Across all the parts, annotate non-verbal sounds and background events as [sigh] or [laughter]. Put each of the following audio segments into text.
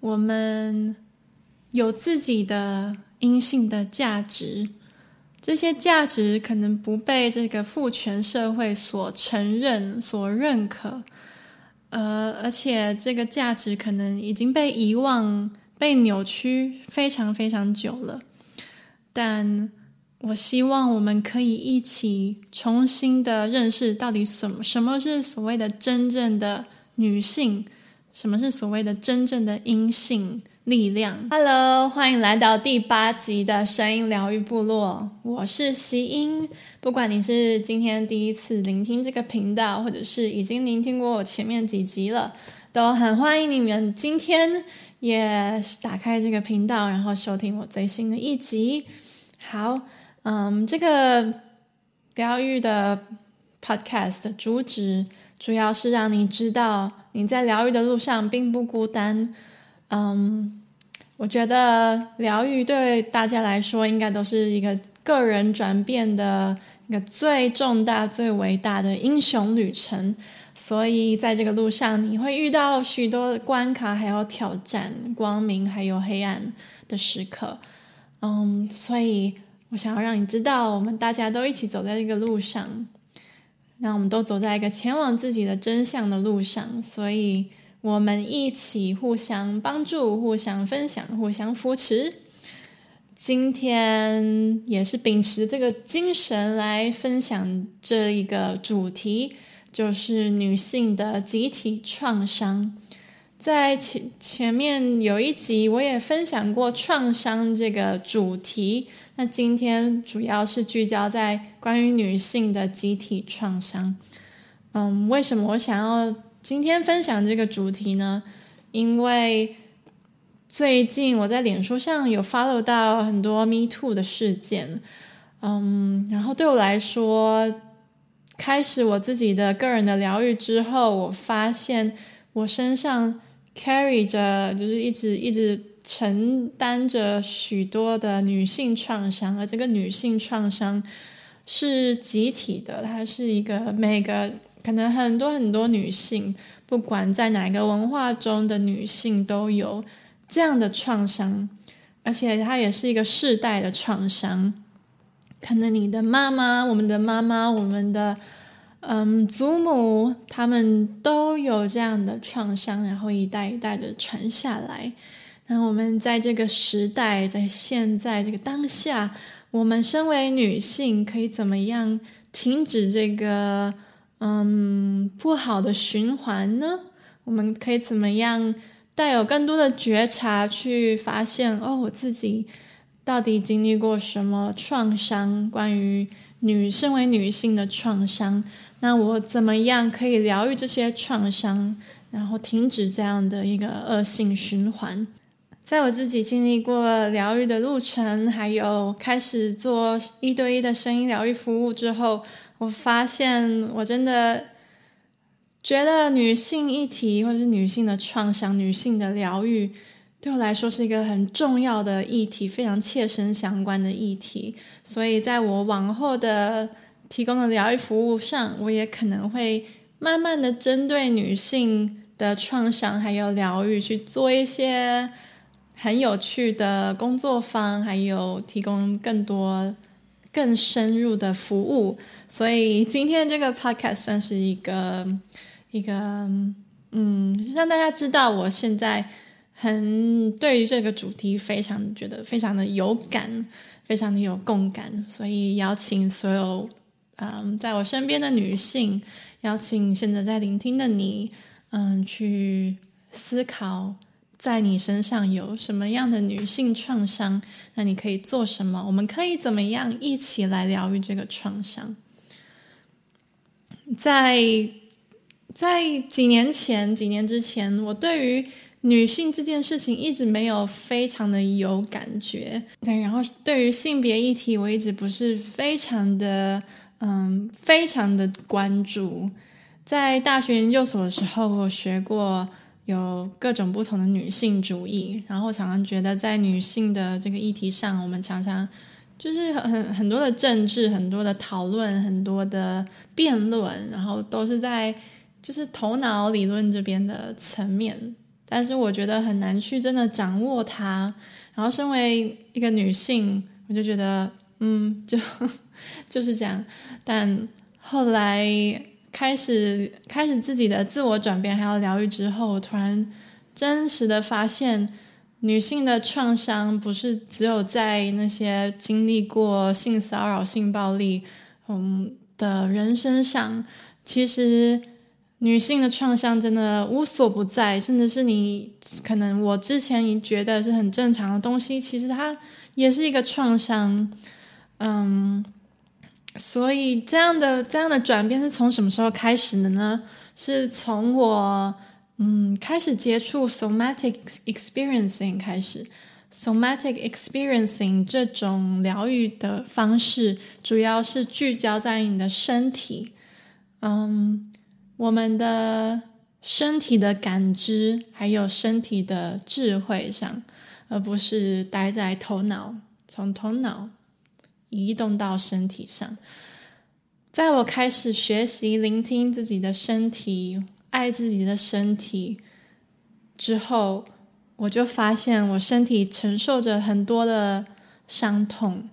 我們有自己的陰性的價值，這些價值可能不被這個父權社會所承認、所認可、呃、而且這個價值可能已經被遺忘、被扭曲，非常非常久了。但我希望我們可以一起重新的認識到底什麼什麼是所謂的真正的女性。什麼是所謂的真正的陰性力量？Hello，歡迎來到第八集的聲音療癒部落。我是希音，不管你是今天第一次聆聽這個頻道，或者是已經聆聽過我前面幾集了，都很歡迎你們今天也打開這個頻道，然後收聽我最新的一集。好，嗯，這個療癒的 podcast 的主旨主要是讓你知道。你在療癒的路上並不孤單，嗯，我覺得療癒對大家來說應該都是一個個人轉變的一個最重大、最偉大的英雄旅程。所以在這個路上，你會遇到許多關卡，還有挑戰、光明，還有黑暗的時刻，嗯，所以我想要讓你知道，我們大家都一起走在這個路上。那我們都走在一個前往自己的真相的路上，所以我們一起互相幫助、互相分享、互相扶持。今天也是秉持這個精神來分享這一個主題，就是女性的集體創傷。在前，前面有一集我也分享過創傷這個主題，那今天主要是聚焦在關於女性的集體創傷。嗯，為什麼我想要今天分享這個主題呢？因為最近我在臉書上有 follow 到很多 Me Too 的事件，嗯，然後對我來說，開始我自己的個人的療癒之後，我發現我身上。carry 着，就是一直一直承擔着許多的女性創傷，而這個女性創傷是集體的，它是一個每一個可能很多很多女性，不管在哪個文化中的女性都有這樣的創傷，而且它也是一個世代的創傷。可能你的媽媽，我們的媽媽，我們的。嗯，祖母她們都有這樣的創傷，然後一代一代的傳下來。那我們在這個時代，在現在這個當下，我們身為女性可以怎麼樣停止這個嗯不好的循環呢？我們可以怎麼樣帶有更多的覺察去發現哦，我自己到底經歷過什麼創傷？關於女，身為女性的創傷。那我怎麼樣可以療癒這些創傷，然後停止這樣的一個惡性循環？在我自己經歷過療癒的路程，還有開始做一對一的聲音療癒服務之後，我發現我真的覺得女性議題，或者是女性的創傷、女性的療癒，對我來說是一個很重要的議題，非常切身相關的議題。所以在我往後的。提供的療癒服務上，我也可能會慢慢的針對女性的創傷還有療癒去做一些很有趣的工作坊，還有提供更多更深入的服務。所以今天這個 podcast 算是一個一個嗯，讓大家知道我現在很對於這個主題非常覺得非常的有感，非常的有共感，所以邀請所有。Um, 在我身邊的女性，邀請現在在聆聽的你，嗯，去思考在你身上有什麼樣的女性創傷，那你可以做什麼？我們可以怎麼樣一起來療癒這個創傷？在在幾年前，幾年之前，我對於女性這件事情一直沒有非常的有感覺，對，然後對於性別議題，我一直不是非常的。嗯，非常的關注。在大學研究所的時候，我學過有各種不同的女性主義，然後常常覺得在女性的這個議題上，我們常常就是很很，很多的政治、很多的討論、很多的辯論，然後都是在就是頭腦理論這邊的層面，但是我覺得很難去真的掌握它。然後，身為一個女性，我就覺得。嗯，就就是這樣，但後來開始開始自己的自我轉變，還有療癒之後，我突然真實的發現，女性的創傷不是只有在那些經歷過性騷擾、性暴力，嗯的人身上，其實女性的創傷真的無所不在，甚至是你可能我之前你覺得是很正常的東西，其實它也是一個創傷。嗯，um，所以這樣的這樣的轉變是從什麼時候開始的呢？是從我嗯開始接觸 somatic experiencing 開始。Somatic experiencing 這種療癒的方式，主要是聚焦在你的身體，嗯，um，我們的身體的感知，還有身體的智慧上，而不是待在頭腦，從頭腦。移動到身體上，在我開始學習聆聽自己的身體、愛自己的身體之後，我就發現我身體承受着很多的傷痛，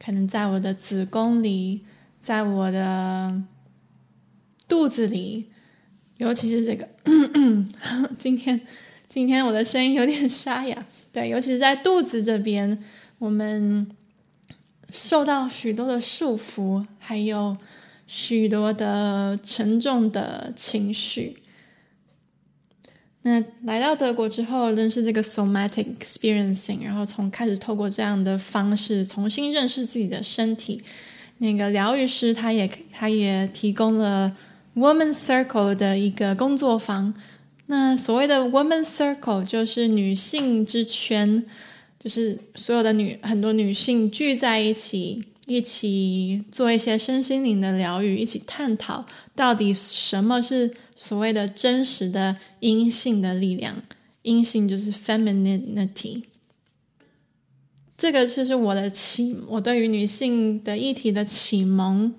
可能在我的子宮裡，在我的肚子裡，尤其是這個，咳咳，今天，今天我的聲音有點沙啞，對，尤其是在肚子這邊，我們。受到許多的束縛，還有許多的沉重的情緒。那來到德國之後，認識這個 Somatic Experiencing，然後從開始透過這樣的方式重新認識自己的身體。那個療癒師他也他也提供了 Woman Circle 的一個工作坊。那所謂的 Woman Circle 就是女性之圈。就是所有的女很多女性聚在一起，一起做一些身心靈的療癒，一起探討到底什麼是所謂的真實的陰性的力量。陰性就是 femininity，這個就是我的啟，我對於女性的議題的啟蒙。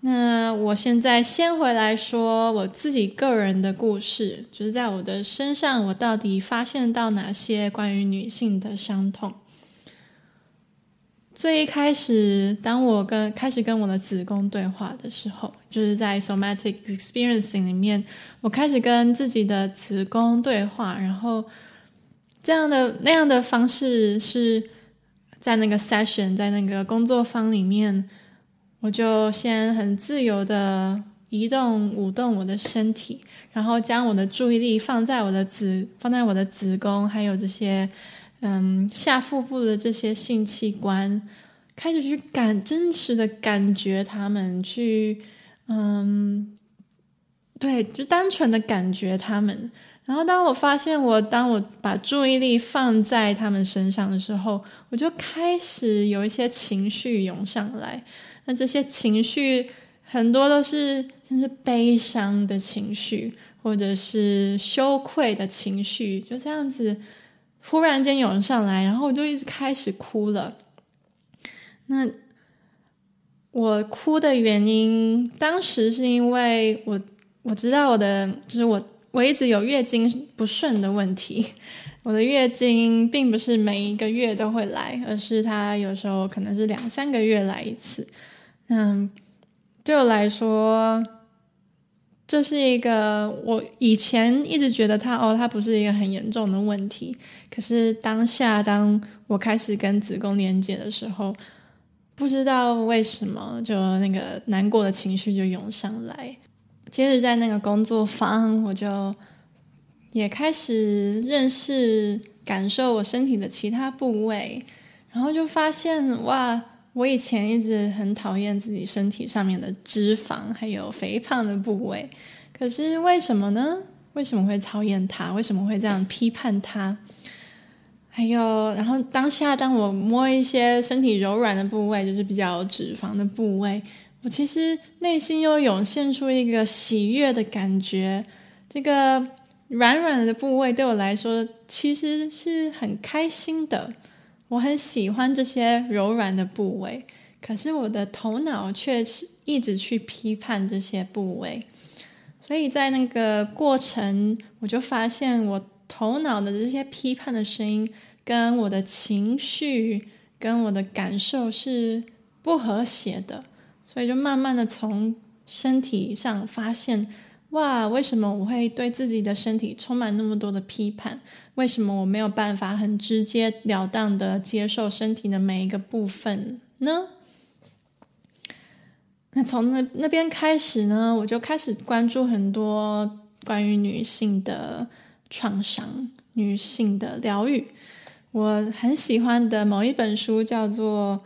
那我現在先回來說我自己個人的故事，就是在我的身上，我到底發現到哪些關於女性的傷痛？最一開始，當我跟開始跟我的子宮對話的時候，就是在 somatic experiencing 裡面，我開始跟自己的子宮對話，然後這樣的那樣的方式是在那個 session，在那個工作坊裡面。我就先很自由的移動、舞動我的身體，然後將我的注意力放在我的子、放在我的子宮，還有這些，嗯，下腹部的這些性器官，開始去感，真實的感覺他們，去，嗯，對，就單純的感覺他們。然後當我發現我當我把注意力放在他們身上的時候，我就開始有一些情緒湧上來。那這些情緒很多都是像是悲傷的情緒，或者是羞愧的情緒，就這樣子忽然間湧上來，然後我就一直開始哭了。那我哭的原因，當時是因為我我知道我的就是我我一直有月經不順的問題，我的月經並不是每一個月都會來，而是它有時候可能是兩三個月來一次。嗯，對我來說，這是一個我以前一直覺得它哦，它不是一個很嚴重的問題。可是當下，當我開始跟子宮連接的時候，不知道為什麼，就那個難過的情緒就湧上來。接着在那個工作坊，我就也開始認識、感受我身體的其他部位，然後就發現哇。我以前一直很討厭自己身體上面的脂肪，還有肥胖的部位。可是為什麼呢？為什麼會討厭它？為什麼會這樣批判它？還有，然後當下當我摸一些身體柔軟的部位，就是比較脂肪的部位，我其實內心又湧現出一個喜悅的感覺。這個軟軟的部位對我來說，其實是很開心的。我很喜歡這些柔軟的部位，可是我的頭腦卻是一直去批判這些部位，所以在那個過程，我就發現我頭腦的這些批判的聲音跟我的情緒、跟我的感受是不和諧的，所以就慢慢的從身體上發現。哇，為什麼我會對自己的身體充滿那麼多的批判？為什麼我沒有辦法很直截了當的接受身體的每一個部分呢？那從那那邊開始呢，我就開始關注很多關於女性的創傷、女性的療癒。我很喜歡的某一本書叫做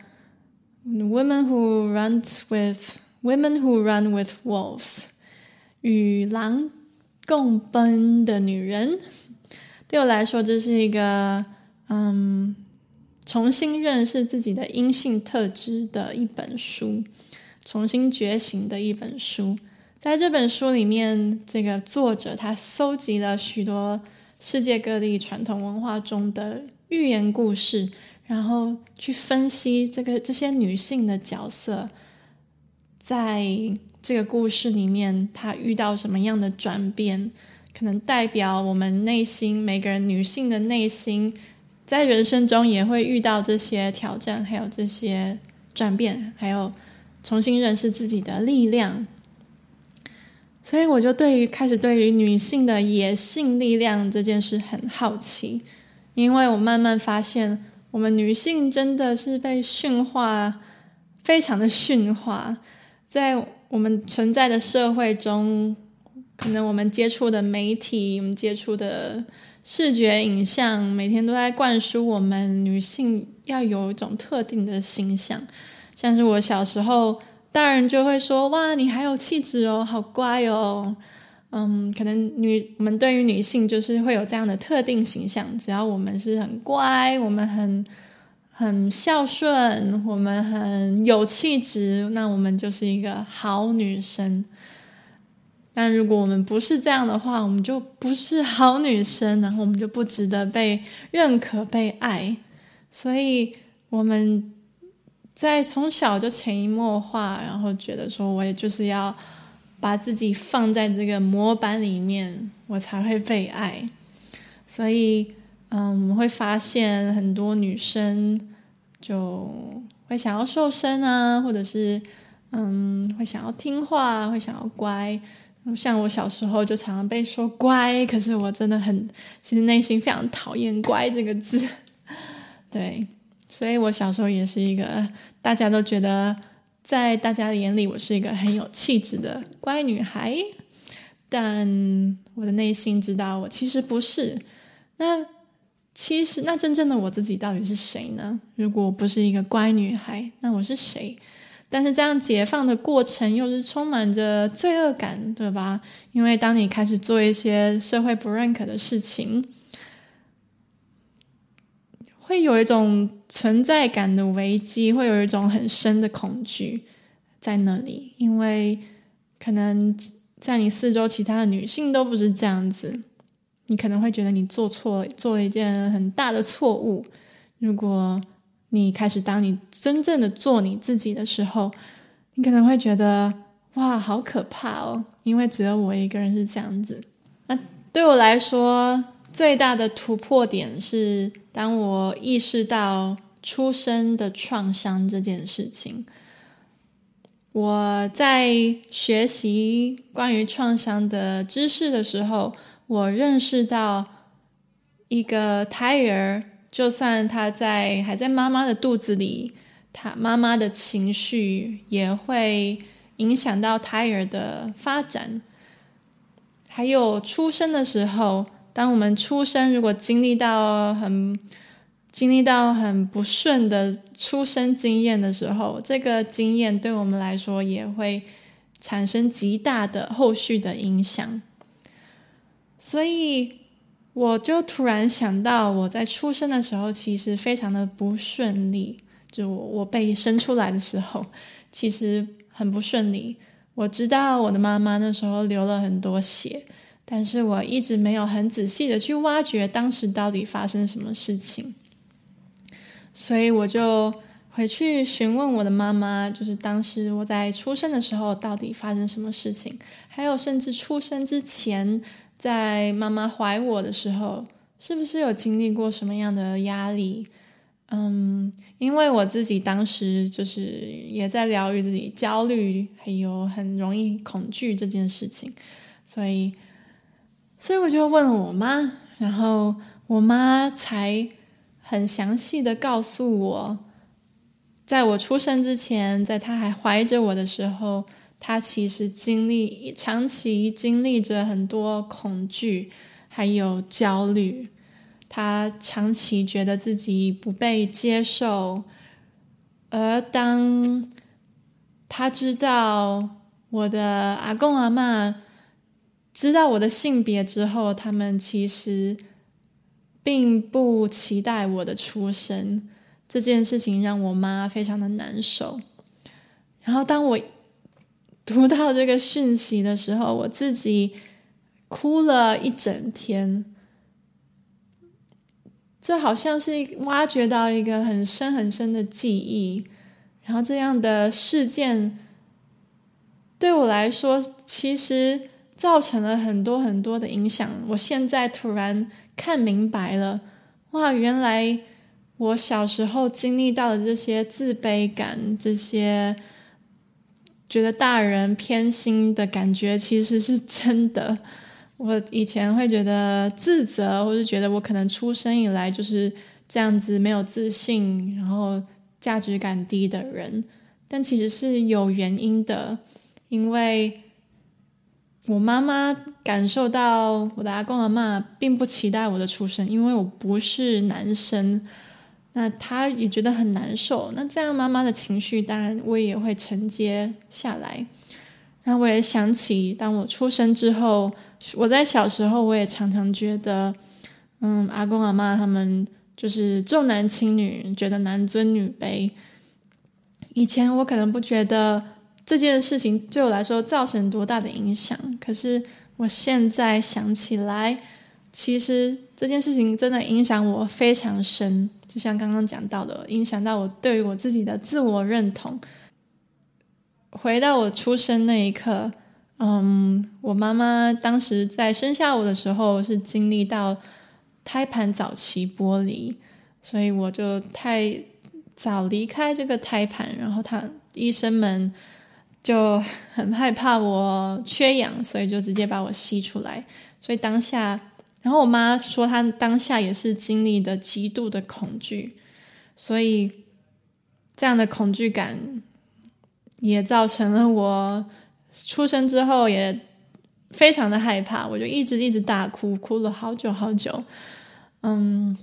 《Women Who Run With Women Who Run With Wolves》。與狼共奔的女人，對我來說，這是一個嗯，重新認識自己的陰性特質的一本書，重新覺醒的一本書。在這本書裡面，這個作者他蒐集了許多世界各地傳統文化中的寓言故事，然後去分析這個這些女性的角色在。這個故事裡面，她遇到什麼樣的轉變，可能代表我們內心每個人女性的內心，在人生中也會遇到這些挑戰，還有這些轉變，還有重新認識自己的力量。所以，我就對於開始對於女性的野性力量這件事很好奇，因為我慢慢發現，我們女性真的是被馴化，非常的馴化。在我們存在的社會中，可能我們接觸的媒體、我們接觸的視覺影像，每天都在灌輸我們女性要有一種特定的形象。像是我小時候，大人就會說：“哇，你還有氣質哦，好乖哦。”嗯，可能女我們對於女性就是會有這樣的特定形象，只要我們是很乖，我們很。很孝順，我們很有氣質，那我們就是一個好女生。但如果我們不是這樣的話，我們就不是好女生，然後我們就不值得被認可、被愛。所以我們在從小就潛移默化，然後覺得說我也就是要把自己放在這個模板裡面，我才會被愛。所以，嗯，我們會發現很多女生。就會想要瘦身啊，或者是嗯，會想要聽話，會想要乖。像我小時候就常常被說乖，可是我真的很，其實內心非常討厭“乖”這個字。對，所以我小時候也是一個大家都覺得，在大家的眼裡我是一個很有氣質的乖女孩，但我的內心知道我其實不是。那。其實，那真正的我自己到底是誰呢？如果我不是一個乖女孩，那我是誰？但是這樣解放的過程又是充滿着罪惡感，對吧？因為當你開始做一些社會不認可的事情，會有一種存在感的危機，會有一種很深的恐懼在那裡，因為可能在你四周，其他的女性都不是這樣子。你可能會覺得你做錯了，做了一件很大的錯誤。如果你開始當你真正的做你自己的時候，你可能會覺得哇，好可怕哦！因為只有我一個人是這樣子。那對我來說，最大的突破點是當我意識到出生的創傷這件事情。我在學習關於創傷的知識的時候。我認識到，一個胎兒，就算他在還在媽媽的肚子裡，他媽媽的情緒也會影響到胎兒的發展。還有出生的時候，當我們出生，如果經歷到很，經歷到很不順的出生經驗的時候，這個經驗對我們來說也會產生極大的後續的影響。所以，我就突然想到，我在出生的時候其實非常的不順利。就我被生出來的時候，其實很不順利。我知道我的媽媽那時候流了很多血，但是我一直沒有很仔細的去挖掘當時到底發生什麼事情。所以我就回去詢問我的媽媽，就是當時我在出生的時候到底發生什麼事情，還有甚至出生之前。在媽媽懷我的時候，是不是有經歷過什麼樣的壓力？嗯，因為我自己當時就是也在療癒自己焦慮，還有很容易恐懼這件事情，所以，所以我就問了我媽，然後我媽才很詳細的告訴我，在我出生之前，在她還懷着我的時候。他其實經歷長期經歷着很多恐懼，還有焦慮。他長期覺得自己不被接受，而當他知道我的阿公阿嬤知道我的性別之後，他們其實並不期待我的出生。這件事情讓我媽非常的難受。然後當我，讀到這個訊息的時候，我自己哭了一整天。這好像是挖掘到一個很深很深的記憶，然後這樣的事件對我來說，其實造成了很多很多的影響。我現在突然看明白了，哇，原來我小時候經歷到的這些自卑感，這些。覺得大人偏心的感覺其實是真的。我以前會覺得自責，或是覺得我可能出生以來就是這樣子沒有自信，然後價值感低的人。但其實是有原因的，因為我媽媽感受到我的阿公阿嬤，並不期待我的出生，因為我不是男生。那他也覺得很難受。那這樣媽媽的情緒，當然我也會承接下來。那我也想起，當我出生之後，我在小時候，我也常常覺得，嗯，阿公阿嬤他們就是重男輕女，覺得男尊女卑。以前我可能不覺得這件事情對我來說造成多大的影響，可是我現在想起來，其實這件事情真的影響我非常深。就像剛剛講到的，影響到我對於我自己的自我認同。回到我出生那一刻，嗯，我媽媽當時在生下我的時候是經歷到胎盤早期剝離，所以我就太早離開這個胎盤，然後他醫生們就很害怕我缺氧，所以就直接把我吸出來。所以當下。然後我媽說，她當下也是經歷的極度的恐懼，所以這樣的恐懼感也造成了我出生之後也非常的害怕，我就一直一直大哭，哭了好久好久。嗯，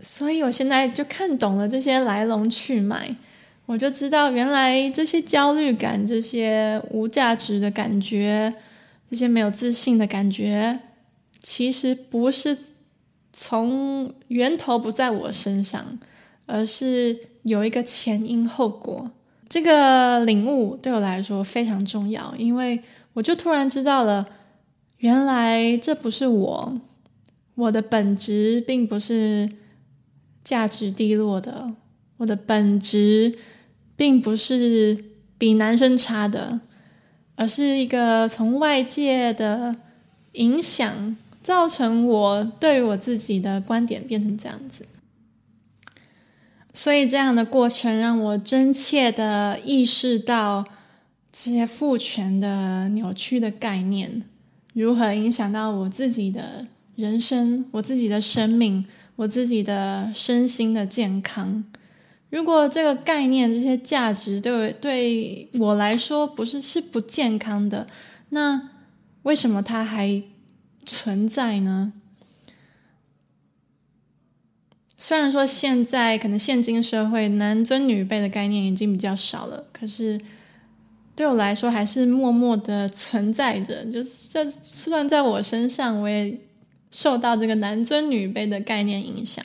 所以我現在就看懂了這些來龍去脈，我就知道原來這些焦慮感、這些無價值的感覺、這些沒有自信的感覺。其實不是從源頭，不在我身上，而是有一個前因後果。這個領悟對我來說非常重要，因為我就突然知道了，原來這不是我，我的本質並不是價值低落的，我的本質並不是比男生差的，而是一個從外界的影響。造成我對於我自己的觀點變成這樣子，所以這樣的過程讓我真切的意識到這些父權的扭曲的概念如何影響到我自己的人生、我自己的生命、我自己的身心的健康。如果這個概念、這些價值對我對我來說不是是不健康的，那為什麼他還存在呢？雖然說現在可能現今社會男尊女卑的概念已經比較少了，可是對我來說還是默默的存在着。就就算在我身上，我也受到這個男尊女卑的概念影響。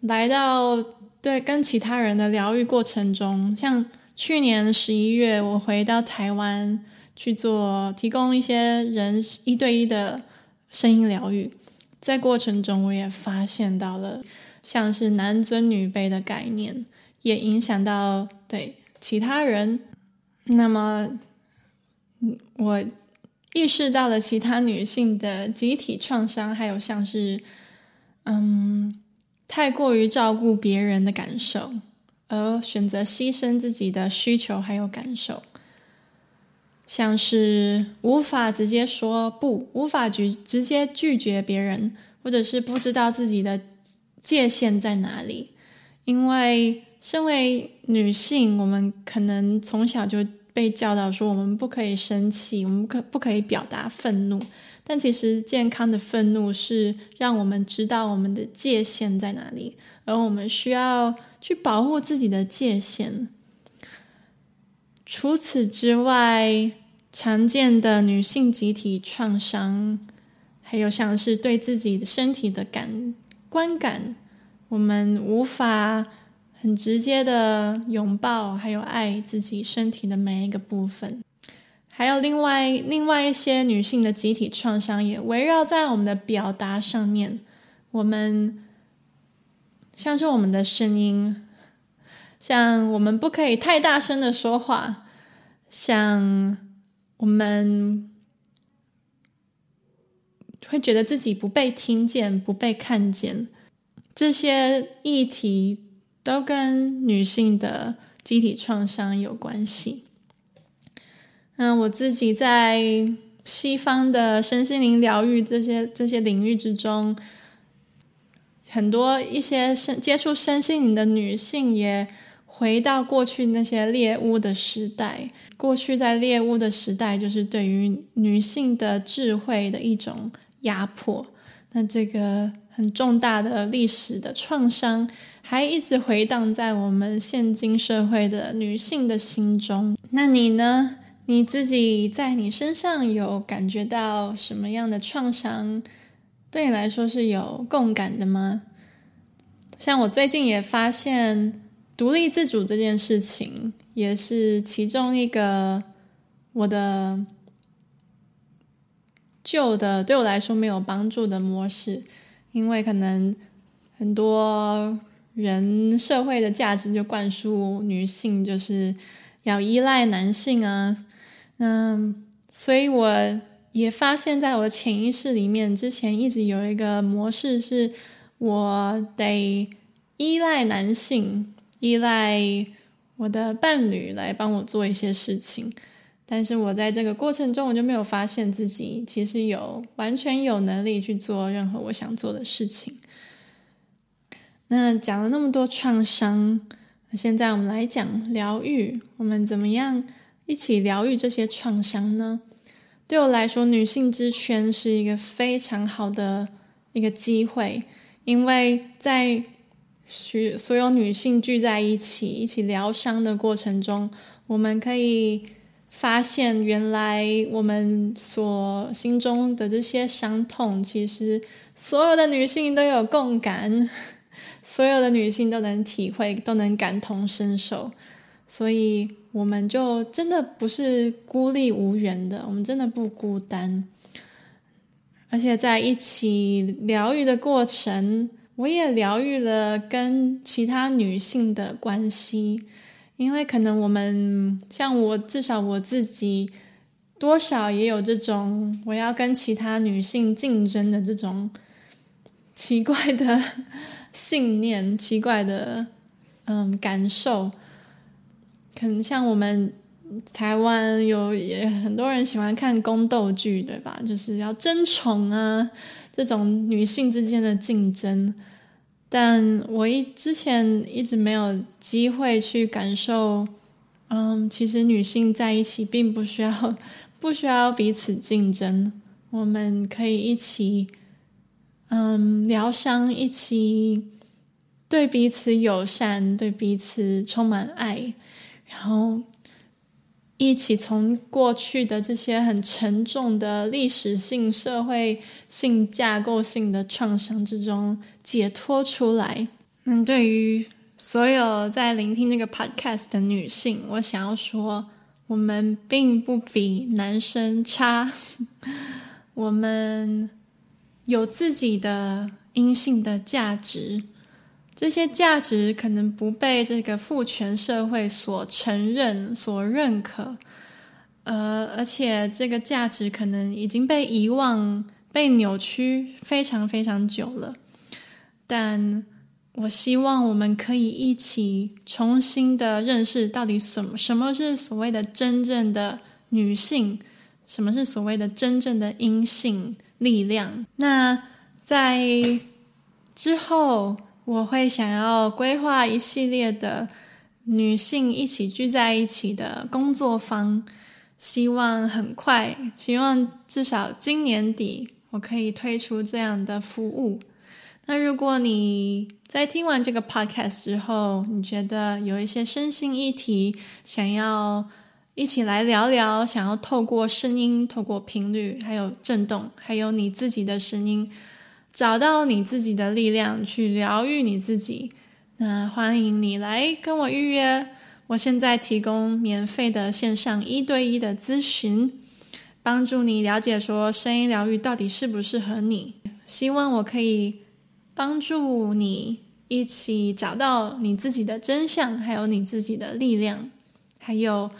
來到，對，跟其他人的療癒過程中，像去年十一月，我回到台灣去做提供一些人一對一的。聲音療癒，在過程中我也發現到了，像是男尊女卑的概念，也影響到對其他人。那麼，我意識到了其他女性的集體創傷，還有像是，嗯，太過於照顧別人的感受，而選擇犧牲自己的需求還有感受。像是無法直接說不，無法拒直接拒絕別人，或者是不知道自己的界限在哪裡。因為身為女性，我們可能從小就被教導說，我們不可以生氣，我們不可以表達憤怒，但其實健康的憤怒是讓我們知道我們的界限在哪裡，而我們需要去保護自己的界限。除此之外，常見的女性集體創傷，還有像是對自己的身體的感官感，我們無法很直接的擁抱，還有愛自己身體的每一個部分。還有另外另外一些女性的集體創傷，也圍繞在我們的表達上面。我們像是我們的聲音，像我們不可以太大聲的說話，像。我們會覺得自己不被聽見、不被看見，這些議題都跟女性的集體創傷有關係。嗯，我自己在西方的身心靈療癒這些這些領域之中，很多一些身接觸身心靈的女性也。回到過去那些獵巫的時代，過去在獵巫的時代，就是對於女性的智慧的一種壓迫。那這個很重大的歷史的創傷，還一直回盪在我們現今社會的女性的心中。那你呢？你自己在你身上有感覺到什麼樣的創傷？對你來說是有共感的嗎？像我最近也發現。獨立自主這件事情也是其中一個我的舊的對我來說沒有幫助的模式，因為可能很多人社會的價值就灌輸女性就是要依賴男性啊，嗯，所以我也發現，在我的潛意識裡面，之前一直有一個模式，是我得依賴男性。依賴我的伴侶來幫我做一些事情，但是我在這個過程中，我就沒有發現自己其實有完全有能力去做任何我想做的事情。那講了那麼多創傷，現在我們來講療癒，我們怎麼樣一起療癒這些創傷呢？對我來說，女性之圈是一個非常好的一個機會，因為在。許所有女性聚在一起，一起療傷的過程中，我們可以發現，原來我們所心中的這些傷痛，其實所有的女性都有共感，所有的女性都能體會，都能感同身受。所以，我們就真的不是孤立無援的，我們真的不孤單。而且，在一起療癒的過程。我也療癒了跟其他女性的關係，因為可能我們像我，至少我自己多少也有這種我要跟其他女性競爭的這種奇怪的信念、奇怪的嗯感受。可能像我們台灣有也很多人喜歡看宮鬥劇，對吧？就是要爭寵啊。這種女性之間的競爭，但我一之前一直沒有機會去感受，嗯，其實女性在一起並不需要，不需要彼此競爭，我們可以一起，嗯，療傷，一起對彼此友善，對彼此充滿愛，然後，一起從過去的這些很沉重的歷史性、社會性、架構性的創傷之中解脫出來。那對於所有在聆聽這個 podcast 的女性，我想要說，我們並不比男生差， [laughs] 我們有自己的陰性的價值。這些價值可能不被這個父權社會所承認、所認可，呃，而且這個價值可能已經被遺忘、被扭曲非常非常久了。但我希望我們可以一起重新的認識到底什麼，什麼是所謂的真正的女性，什麼是所謂的真正的陰性力量。那在之後。我會想要規劃一系列的女性一起聚在一起的工作坊，希望很快，希望至少今年底我可以推出這樣的服務。那如果你在聽完這個 podcast 之後，你覺得有一些身心議題，想要一起來聊聊，想要透過聲音、透過頻率、還有震動，還有你自己的聲音。找到你自己的力量去療癒你自己，那歡迎你來跟我預約。我現在提供免費的線上一對一的諮詢，幫助你了解說聲音療癒到底適不適合你。希望我可以幫助你一起找到你自己的真相，還有你自己的力量，還有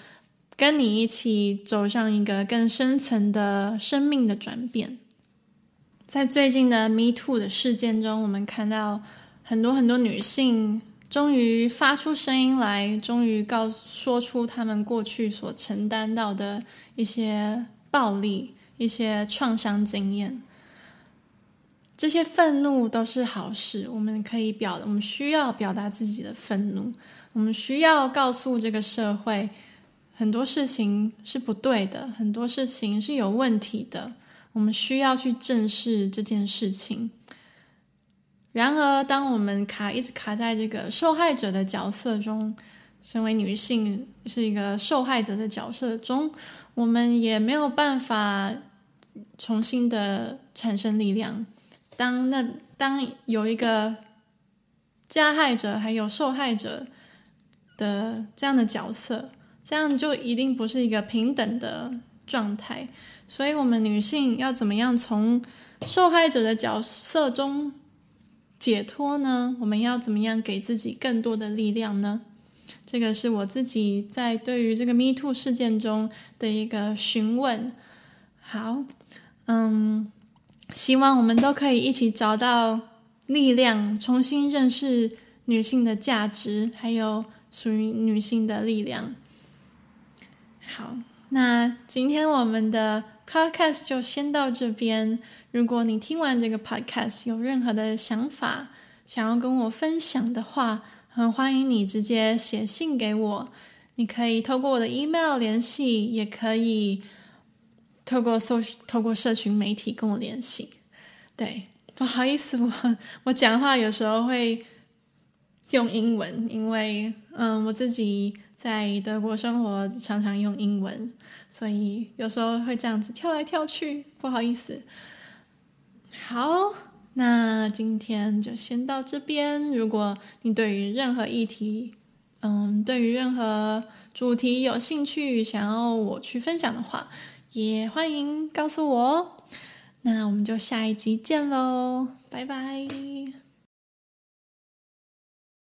跟你一起走上一個更深層的生命的轉變。在最近的 Me Too 的事件中，我們看到很多很多女性終於發出聲音來，終於告訴、說出她們過去所承擔到的一些暴力、一些創傷經驗。這些憤怒都是好事，我們可以表，我們需要表達自己的憤怒，我們需要告訴這個社會，很多事情是不對的，很多事情是有問題的。我們需要去正視這件事情。然而，當我們卡一直卡在這個受害者的角色中，身為女性是一個受害者的角色中，我們也沒有辦法重新的產生力量。當那當有一個加害者還有受害者的這樣的角色，這樣就一定不是一個平等的狀態。所以，我們女性要怎麼樣從受害者的角色中解脫呢？我們要怎麼樣給自己更多的力量呢？這個是我自己在對於這個 Me Too 事件中的一個詢問。好，嗯，希望我們都可以一起找到力量，重新認識女性的價值，還有屬於女性的力量。好，那今天我們的。Podcast 就先到這邊。如果你聽完這個 Podcast 有任何的想法，想要跟我分享的話，很歡迎你直接寫信給我。你可以透過我的 email 聯繫，也可以透過社透過社群媒體跟我聯繫。對，不好意思，我我講話有時候會用英文，因為嗯，我自己。在德國生活，常常用英文，所以有時候會這樣子跳來跳去，不好意思。好，那今天就先到這邊。如果你對於任何議題，嗯，對於任何主題有興趣，想要我去分享的話，也歡迎告訴我哦。那我們就下一集見嘍，拜拜。